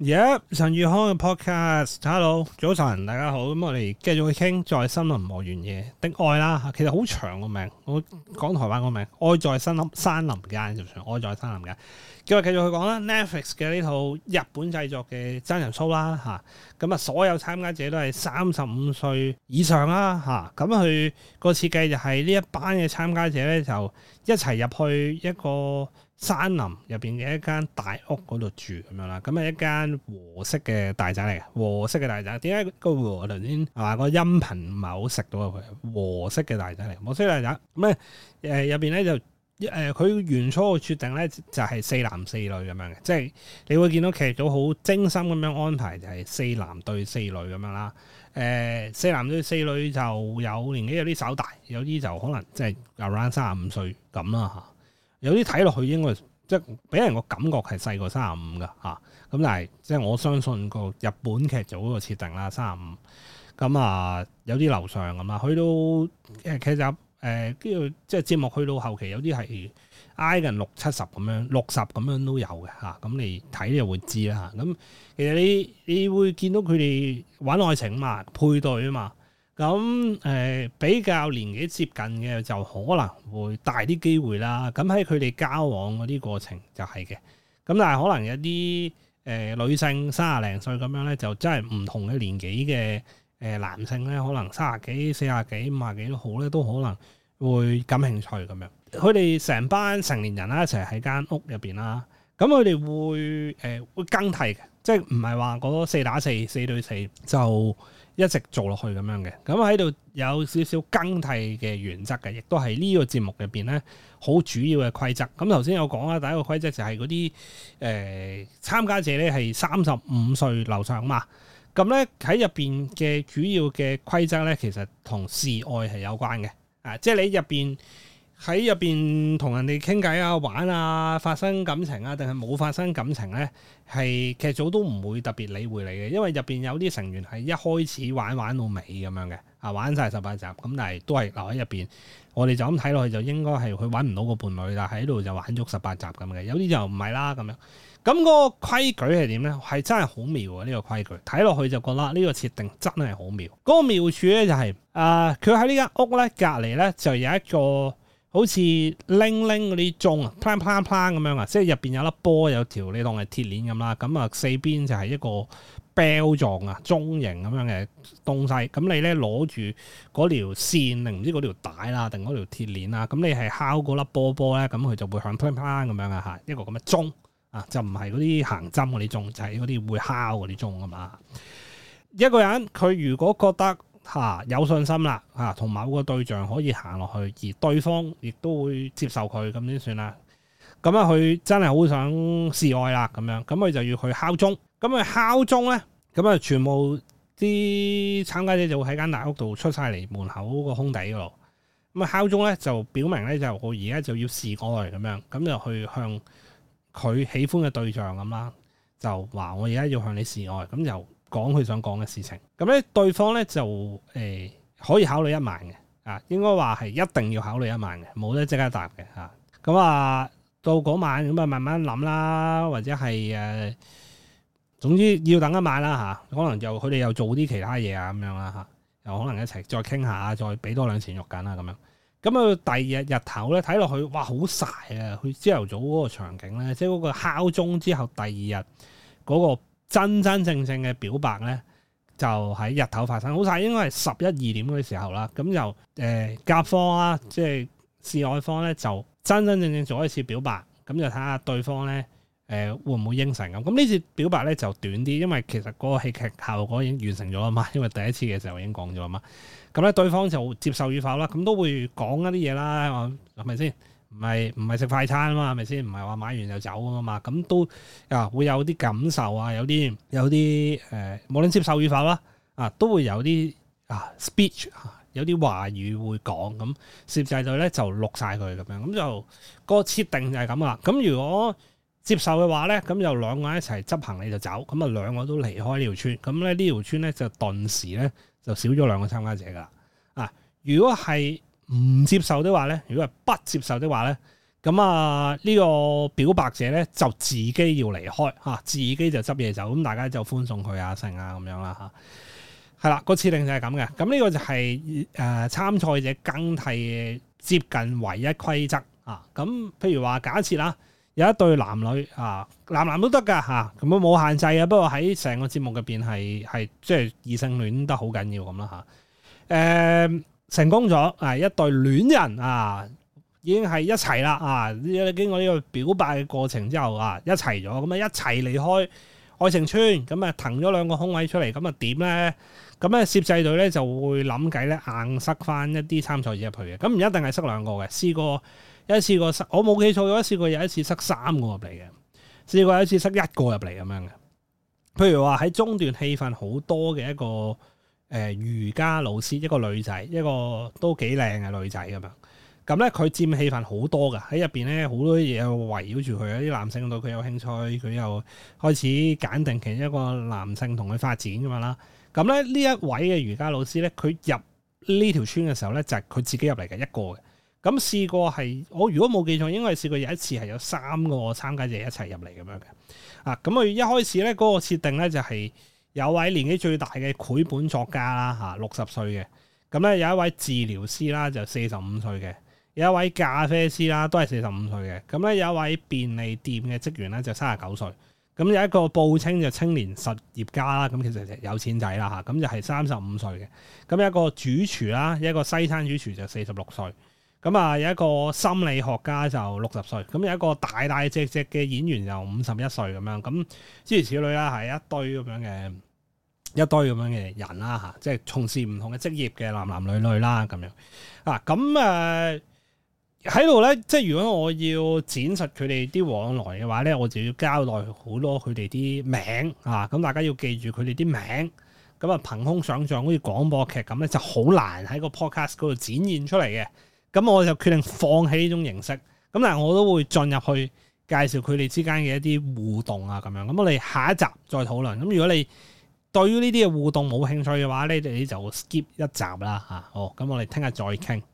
而家陳宇、yep，康嘅 podcast，hello 早晨，大家好，咁我哋繼續去傾在森林望原野的愛啦，其實好長個名，我講台灣個名，愛在森林山林間，就長愛在山林間。咁啊，繼續去講啦，Netflix 嘅呢套日本製作嘅真人 show 啦，啊，吓咁啊，所有參加者都係三十五歲以上啦，吓咁佢個設計就係呢一班嘅參加者咧，就一齊入去一個。山林入邊嘅一間大屋嗰度住咁樣啦，咁係一間和式嘅大宅嚟嘅，和式嘅大宅。點解個和？頭先係話，個音頻唔係好食到啊！佢和式嘅大宅嚟，和式大宅咁咧，誒入邊咧就，誒、呃、佢原初嘅決定咧就係四男四女咁樣嘅，即係你會見到劇組好精心咁樣安排，就係四男對四女咁樣啦。誒、呃，四男對四女就有年紀有啲稍大，有啲就可能即係 around 三十五歲咁啦吓。有啲睇落去應該即係俾人個感覺係細過三十五嘅嚇，咁、啊、但係即係我相信個日本劇組個設定啦，三十五，咁啊有啲樓上咁啦，去到誒、呃、劇集誒，跟、呃、住即係節目去到後期，有啲係挨近六七十咁樣，六十咁樣都有嘅嚇，咁、啊啊、你睇你就會知啦嚇。咁、啊啊、其實你你會見到佢哋玩愛情嘛，配對啊嘛。咁誒、嗯、比較年紀接近嘅就可能會大啲機會啦。咁喺佢哋交往嗰啲過程就係嘅。咁、嗯、但係可能有啲誒女性三十零歲咁樣咧，就真係唔同嘅年紀嘅誒、呃、男性咧，可能三十幾、四十幾、五十幾都好咧，都可能會感興趣咁樣。佢哋成班成年人啦，一齊喺間屋入邊啦，咁佢哋會誒、呃、會更替嘅，即係唔係話嗰四打四、四對四就。一直做落去咁樣嘅，咁喺度有少少更替嘅原則嘅，亦都係呢個節目入邊咧好主要嘅規則。咁頭先有講啦，第一個規則就係嗰啲誒參加者咧係三十五歲樓上嘛。咁咧喺入邊嘅主要嘅規則咧，其實同示愛係有關嘅，啊，即係你入邊。喺入邊同人哋傾偈啊、玩啊、發生感情啊，定係冇發生感情呢？係劇組都唔會特別理會你嘅，因為入邊有啲成員係一開始玩玩到尾咁樣嘅，啊玩晒十八集咁，但係都係留喺入邊。我哋就咁睇落去，就應該係佢揾唔到個伴侶啦，喺度就玩足十八集咁嘅。有啲就唔係啦咁樣。咁嗰個規矩係點呢？係真係好妙啊！呢個規矩睇落去就覺得呢個設定真係好妙。嗰個妙處呢，就係啊，佢喺呢間屋呢隔離呢，就有一個。好似鈴鈴嗰啲鐘啊，plan plan plan 咁樣啊，即係入邊有粒波，有條你當係鐵鏈咁啦，咁啊四邊就係一個錶狀啊鐘形咁樣嘅東西。咁你咧攞住嗰條線定唔知嗰條帶啦，定嗰條鐵鏈啦，咁你係敲嗰粒波波咧，咁佢就會響 plan plan 咁樣啊嚇，一個咁嘅鐘啊，就唔係嗰啲行針嗰啲鐘，就係嗰啲會敲嗰啲鐘啊嘛。一個人佢如果覺得，嚇、啊、有信心啦嚇，同、啊、某個對象可以行落去，而對方亦都會接受佢咁先算啦。咁啊，佢真係好想示愛啦咁樣，咁佢就要去敲鐘。咁佢敲鐘咧，咁啊，全部啲參加者就會喺間大屋度出晒嚟門口個空地嗰度。咁啊，敲鐘咧就表明咧就我而家就要示愛咁樣，咁就去向佢喜歡嘅對象咁啦，就話我而家要向你示愛，咁就。講佢想講嘅事情，咁咧對方咧就誒、欸、可以考慮一晚嘅，啊應該話係一定要考慮一晚嘅，冇得即刻答嘅吓。咁啊到嗰晚咁啊慢慢諗啦，或者係誒、啊，總之要等一晚啦吓、啊。可能又佢哋又做啲其他嘢啊咁樣啦吓，又可能一齊再傾下，再俾多兩錢肉緊啦咁樣。咁啊第二日日頭咧睇落去，哇好晒啊！佢朝頭早嗰個場景咧，即係嗰個敲鐘之後第二日嗰個。真真正正嘅表白咧，就喺日頭發生，好曬，應該係十一二點嘅時候啦。咁就誒、呃、甲方啊，即係示愛方咧，就真真正正做一次表白，咁就睇下對方咧，誒、呃、會唔會應承咁？咁呢次表白咧就短啲，因為其實嗰個戲劇效果已經完成咗啊嘛，因為第一次嘅時候已經講咗啊嘛。咁咧對方就接受與否啦，咁都會講一啲嘢啦，我係咪先？唔係唔係食快餐啊嘛，係咪先？唔係話買完就走啊嘛，咁都啊會有啲感受啊，有啲有啲誒、呃，無論接受與否啦，啊都會有啲啊 speech 啊，有啲話語會講咁，攝製隊咧就錄晒佢咁樣，咁就嗰個設定就係咁啦。咁如果接受嘅話咧，咁就兩個一齊執行李你就走，咁啊兩個都離開呢條村，咁咧呢條村咧就頓時咧就少咗兩個參加者㗎啦。啊，如果係。唔接受的話咧，如果係不接受的話咧，咁啊呢個表白者咧就自己要離開吓，自己就執嘢走，咁大家就歡送佢啊，成啊咁樣啦吓。係啦，個設定就係咁嘅。咁呢個就係誒參賽者更替接近唯一規則啊。咁譬如話假設啦，有一對男女啊，男男都得噶吓，咁都冇限制啊。不過喺成個節目入邊係係即係異性戀得好緊要咁啦吓。誒、啊。啊成功咗，啊一對戀人啊，已經係一齊啦，啊，經過呢個表白嘅過程之後啊，一齊咗，咁啊一齊離開愛情村，咁啊騰咗兩個空位出嚟，咁啊點咧？咁啊攝製隊咧就會諗計咧，硬塞翻一啲參賽者入去嘅，咁、啊、唔一定係塞兩個嘅，試過一次過塞，我冇記錯，有一試過有一次塞三個入嚟嘅，試過有一次塞一個入嚟咁樣嘅。譬如話喺中段氣氛好多嘅一個。誒、呃、瑜伽老師一個女仔，一個都幾靚嘅女仔咁樣。咁咧佢佔戲份好多嘅，喺入邊咧好多嘢圍繞住佢啊！啲男性對佢有興趣，佢又開始揀定其中一個男性同佢發展咁樣啦。咁咧呢一位嘅瑜伽老師咧，佢入呢條村嘅時候咧，就係、是，佢自己入嚟嘅一個嘅。咁試過係我如果冇記錯，應該試過有一次係有三個參加者一齊入嚟咁樣嘅。啊，咁佢一開始咧嗰個設定咧就係、是。有位年紀最大嘅繪本作家啦，嚇六十歲嘅。咁咧有一位治療師啦，就四十五歲嘅；有一位咖啡師啦，都係四十五歲嘅。咁咧有一位便利店嘅職員咧，就三十九歲。咁有一個報稱就青年實業家啦，咁其實有錢仔啦嚇，咁就係三十五歲嘅。咁一個主廚啦，一個西餐主廚就四十六歲。咁啊、嗯，有一個心理學家就六十歲，咁、嗯、有一個大大隻隻嘅演員就五十一歲咁樣，咁、嗯、諸如此類啦，係一堆咁樣嘅一堆咁樣嘅人啦吓、啊，即係從事唔同嘅職業嘅男男女女啦，咁樣啊，咁誒喺度咧，即係如果我要展示佢哋啲往來嘅話咧，我就要交代好多佢哋啲名啊，咁大家要記住佢哋啲名，咁啊憑空想象好似廣播劇咁咧，就好難喺個 podcast 嗰度展現出嚟嘅。咁我就決定放棄呢種形式，咁但係我都會進入去介紹佢哋之間嘅一啲互動啊，咁樣，咁我哋下一集再討論。咁如果你對於呢啲嘅互動冇興趣嘅話咧，你就 skip 一集啦嚇。好，咁我哋聽日再傾。